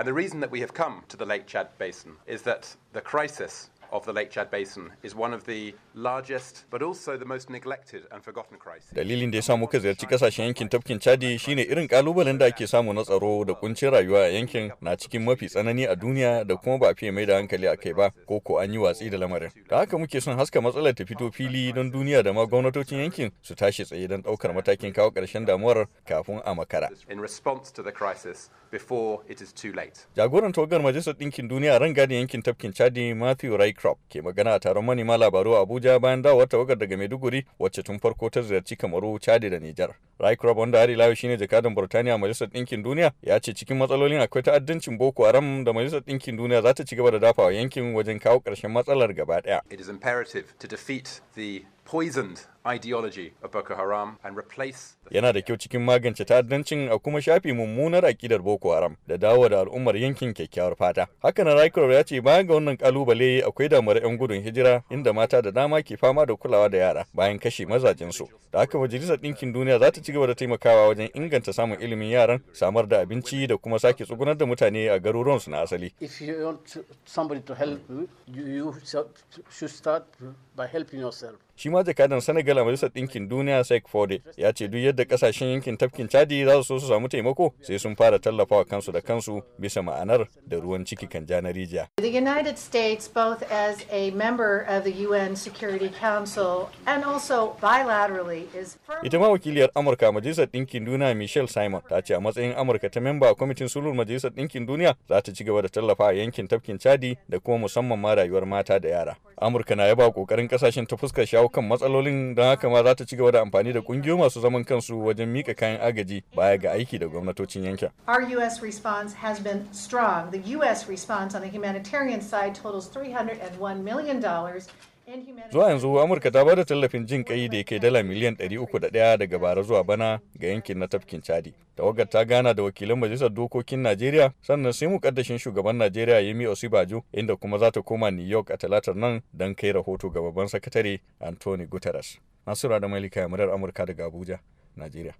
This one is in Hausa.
And the reason that we have come to the Lake Chad Basin is that the crisis Dalilin da ya samu muka ziyarci kasashen yankin tafkin Chadi shine irin kalubalen da ake samu na tsaro da kuncin rayuwa a yankin na cikin mafi tsanani a duniya da kuma ba a fiye mai da hankali a kai ba ko ko an yi watsi da lamarin. Da haka muke son haska matsalar ta fito fili don duniya da ma gwamnatocin yankin su tashi tsaye don daukar matakin kawo karshen damuwar kafin a makara. In Jagoran tawagar Majalisar Ɗinkin Duniya a rangadin yankin tafkin Chadi Matthew Reich Crop ke magana a taron manema labaru a Abuja bayan dawowar tawagar daga Maiduguri wacce tun farko ta ziyarci Kamaru, Chad da Nijar. Rai Crop wanda har ila shine jakadan Burtaniya a Majalisar Ɗinkin Duniya ya ce cikin matsalolin akwai ta'addancin Boko Haram da Majalisar Ɗinkin Duniya za ta ci gaba da dafawa yankin wajen kawo karshen matsalar gaba ɗaya. It is imperative to defeat the Yana da kyau cikin magance ta'addancin a kuma shafi mummunar akidar Boko Haram da dawo da al'ummar yankin kyakkyawar fata. hakan na Raikor ya ce bayan ga wannan kalubale akwai damar 'yan gudun hijira inda mata da dama ke fama da kulawa da yara bayan kashe mazajensu. Da haka Majalisar Ɗinkin Duniya za ta ci gaba da taimakawa wajen inganta samun ilimin yaran, samar da abinci da kuma sake tsugunar da mutane a su na asali. If you want somebody to help you, you should shi ma jakadan senegal a majalisar ɗinkin duniya sec fode ya ce duk yadda kasashen yankin tafkin chadi za su so su samu taimako sai sun fara tallafawa kansu da kansu bisa ma'anar da ruwan ciki kan ja na rijiya the united states both as a member of the un security council and also bilaterally is ita ma wakiliyar amurka a majalisar ɗinkin duniya michelle simon ta ce a matsayin amurka ta memba a kwamitin sulhun majalisar ɗinkin duniya za ta ci gaba da tallafa a yankin tafkin chadi da kuma musamman ma rayuwar mata da yara amurka na yaba kokarin kasashen ta fuskar shawo kan matsalolin don haka ma za ta ci gaba da amfani da kungiyoyi masu zaman kansu wajen mika kayan agaji baya ga aiki da gwamnatocin yankin our us response has been strong the us response on the humanitarian side totals 301 million dollars Zuwa yanzu Amurka ta bada tallafin jin kai da ya kai dala miliyan 301 daga bara zuwa bana ga yankin na tafkin Chadi. Tawagar ta gana da wakilan Majalisar Dokokin Najeriya sannan sai mukaddashin shugaban Najeriya Yemi Osibajo inda kuma za ta koma New York a talatar nan don kai rahoto ga babban sakatare Anthony Guterres. nasiru da Malika Yamurar Amurka daga Abuja, Najeriya.